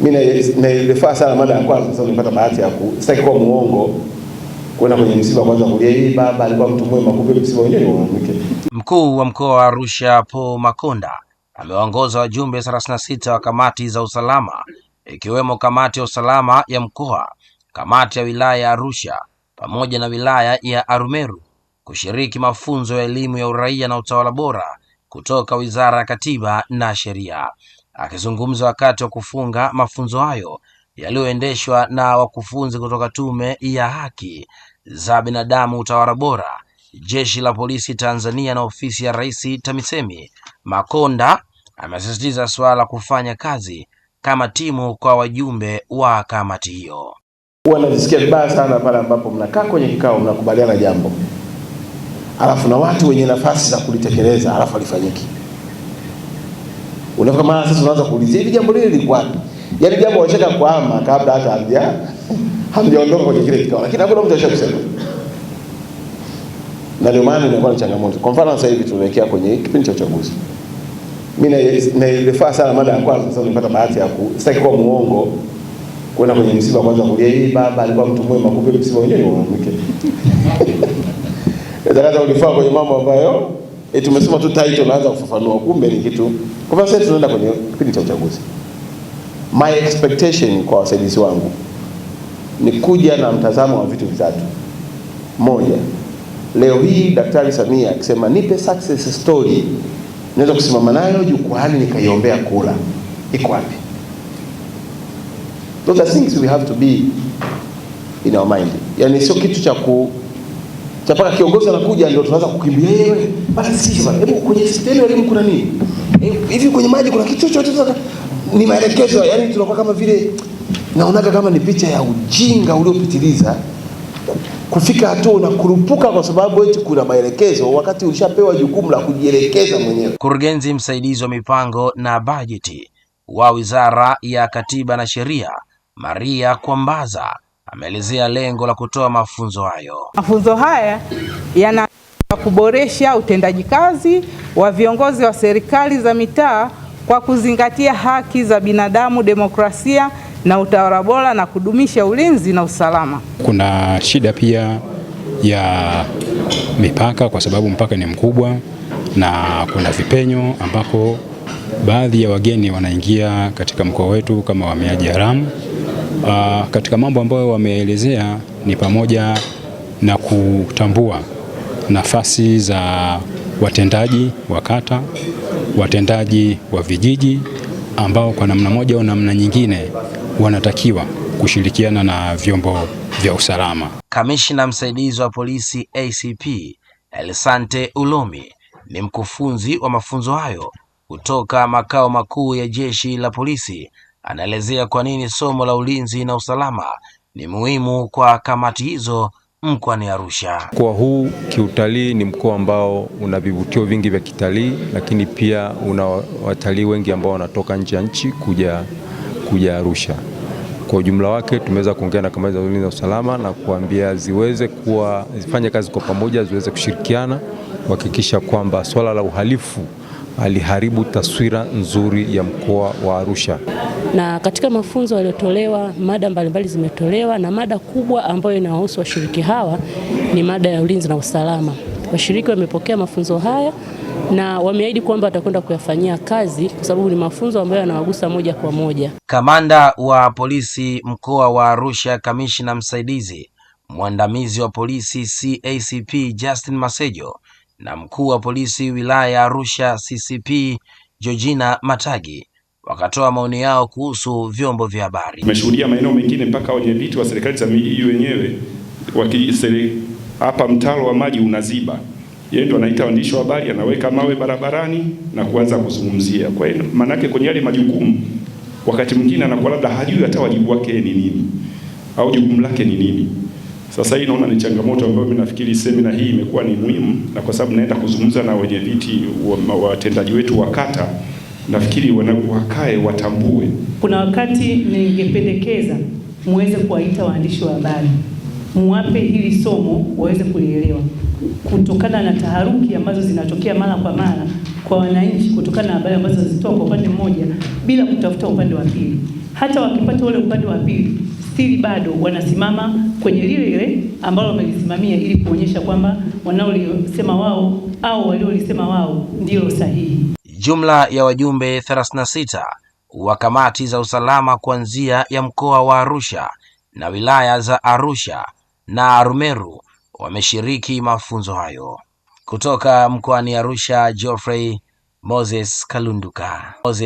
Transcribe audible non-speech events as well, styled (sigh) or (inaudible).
mimi nairefaa sana mada ya kwanza, sasa nimepata bahati ya kustaki kuwa muongo kwenda kwenye msiba kwanza kulia hii baba alikuwa mtu mwema, kumbe msiba wenyewe ni mwanamke. Mkuu wa mkoa wa Arusha Paul Makonda amewaongoza wajumbe 36 wa kamati za usalama ikiwemo kamati ya usalama ya mkoa, kamati ya wilaya ya Arusha pamoja na wilaya ya Arumeru kushiriki mafunzo ya elimu ya uraia na utawala bora kutoka Wizara ya Katiba na Sheria. Akizungumza wakati wa kufunga mafunzo hayo yaliyoendeshwa na wakufunzi kutoka Tume ya Haki za Binadamu, Utawala Bora, Jeshi la Polisi Tanzania na Ofisi ya Rais TAMISEMI, Makonda amesisitiza suala la kufanya kazi kama timu kwa wajumbe wa kamati hiyo. Huwa najisikia vibaya sana pale ambapo mnakaa kwenye kikao mnakubaliana jambo alafu na watu wenye nafasi za kulitekeleza alafu alifanyiki Unafika mara sasa unaanza kuulizia hivi jambo lile liko wapi? Yaani jambo washaka kuhama kabla hata hamja hamjaondoka kwenye kile kikao. Lakini hakuna mtu ashakusema. Na ndio maana inakuwa ni changamoto. Kwa mfano sasa hivi tunaelekea kwenye kipindi cha uchaguzi. Mimi na na nailefaa sana mada ya kwanza, sasa nimepata bahati ya kustaki kwa muongo kwenda kwenye msiba kwanza kulia hii baba alikuwa mtu mwema, kumbe msiba wenyewe ni mwanamke. (laughs) Ndio ulifaa kwenye mambo ambayo e, tumesema tu title naanza kufafanua, kumbe ni kitu. Kwa sababu sasa tunaenda kwenye kipindi cha uchaguzi. My expectation kwa wasaidizi wangu ni kuja na mtazamo wa vitu vitatu. Moja, leo hii Daktari Samia akisema nipe success story, naweza kusimama nayo jukwaani nikaiombea kula, iko wapi? Those are things we have to be in our mind. Yani sio kitu cha ku mpaka kiongozi anakuja ndio tunaanza kukimbia. Wewe basi sisi bwana, hebu kwenye stendi ya elimu kuna nini eh, hivi? Kwenye maji kuna kitu chochote? Ni maelekezo Yaani tunakuwa kama vile naonaga kama ni picha ya ujinga uliopitiliza kufika hatua unakurupuka kwa sababu eti kuna maelekezo, wakati ulishapewa jukumu la kujielekeza mwenyewe. Mkurugenzi msaidizi wa mipango na bajeti wa Wizara ya Katiba na Sheria, Maria Kwambaza ameelezea lengo la kutoa mafunzo hayo. Mafunzo haya yana kuboresha utendaji kazi wa viongozi wa serikali za mitaa kwa kuzingatia haki za binadamu, demokrasia na utawala bora na kudumisha ulinzi na usalama. Kuna shida pia ya mipaka kwa sababu mpaka ni mkubwa na kuna vipenyo ambako baadhi ya wageni wanaingia katika mkoa wetu kama wahamiaji haramu. Aa, ah, katika mambo ambayo wameelezea ni pamoja na kutambua nafasi za watendaji wa kata, watendaji wa vijiji ambao kwa namna moja au namna nyingine wanatakiwa kushirikiana na vyombo vya usalama. Kamishna msaidizi wa polisi ACP elsante Ulomi ni mkufunzi wa mafunzo hayo kutoka makao makuu ya jeshi la polisi anaelezea kwa nini somo la ulinzi na usalama ni muhimu kwa kamati hizo mkoani Arusha. Mkoa huu kiutalii ni mkoa ambao una vivutio vingi vya kitalii, lakini pia una watalii wengi ambao wanatoka nje ya nchi kuja, kuja Arusha. Kwa ujumla wake tumeweza kuongea na kamati za ulinzi na usalama na kuambia ziweze kuwa zifanye kazi kwa pamoja, ziweze kushirikiana kuhakikisha kwamba swala la uhalifu aliharibu taswira nzuri ya mkoa wa Arusha. Na katika mafunzo yaliyotolewa, mada mbalimbali zimetolewa, na mada kubwa ambayo inawahusu washiriki hawa ni mada ya ulinzi na usalama. Washiriki wamepokea mafunzo haya na wameahidi kwamba watakwenda kuyafanyia kazi kwa sababu ni mafunzo ambayo yanawagusa moja kwa moja. Kamanda wa polisi mkoa wa Arusha, kamishna msaidizi mwandamizi wa polisi CACP Justin Masejo na mkuu wa polisi wilaya ya Arusha CCP Georgina Matagi wakatoa maoni yao kuhusu vyombo vya habari. Tumeshuhudia maeneo mengine mpaka wenyeviti wa serikali za miji wenyewe hapa mtaro wa maji unaziba, yeye ndo anaita waandishi wa habari, anaweka mawe barabarani na kuanza kuzungumzia. Kwa hiyo maanake kwenye yale majukumu, wakati mwingine anakuwa labda hajui hata wajibu wake ni nini au jukumu lake ni nini. Sasa hii naona ni changamoto ambayo mimi nafikiri semina hii imekuwa ni muhimu, na kwa sababu naenda kuzungumza na wenyeviti watendaji wa wetu wa kata, nafikiri wakae watambue. Kuna wakati ningependekeza muweze kuwaita waandishi wa habari, muwape hili somo waweze kulielewa, kutokana na taharuki ambazo zinatokea mara kwa mara kwa wananchi, kutokana na habari ambazo zitoa kwa upande mmoja bila kutafuta upande wa pili. Hata wakipata ule upande wa pili siri bado wanasimama kwenye lile lile ambalo wamelisimamia ili kuonyesha kwamba wanaolisema wao au waliolisema wao ndilo sahihi. Jumla ya wajumbe 36 wa kamati za usalama kuanzia ya mkoa wa Arusha na wilaya za Arusha na arumeru wameshiriki mafunzo hayo. Kutoka mkoani Arusha, Geoffrey Moses Kalunduka Moses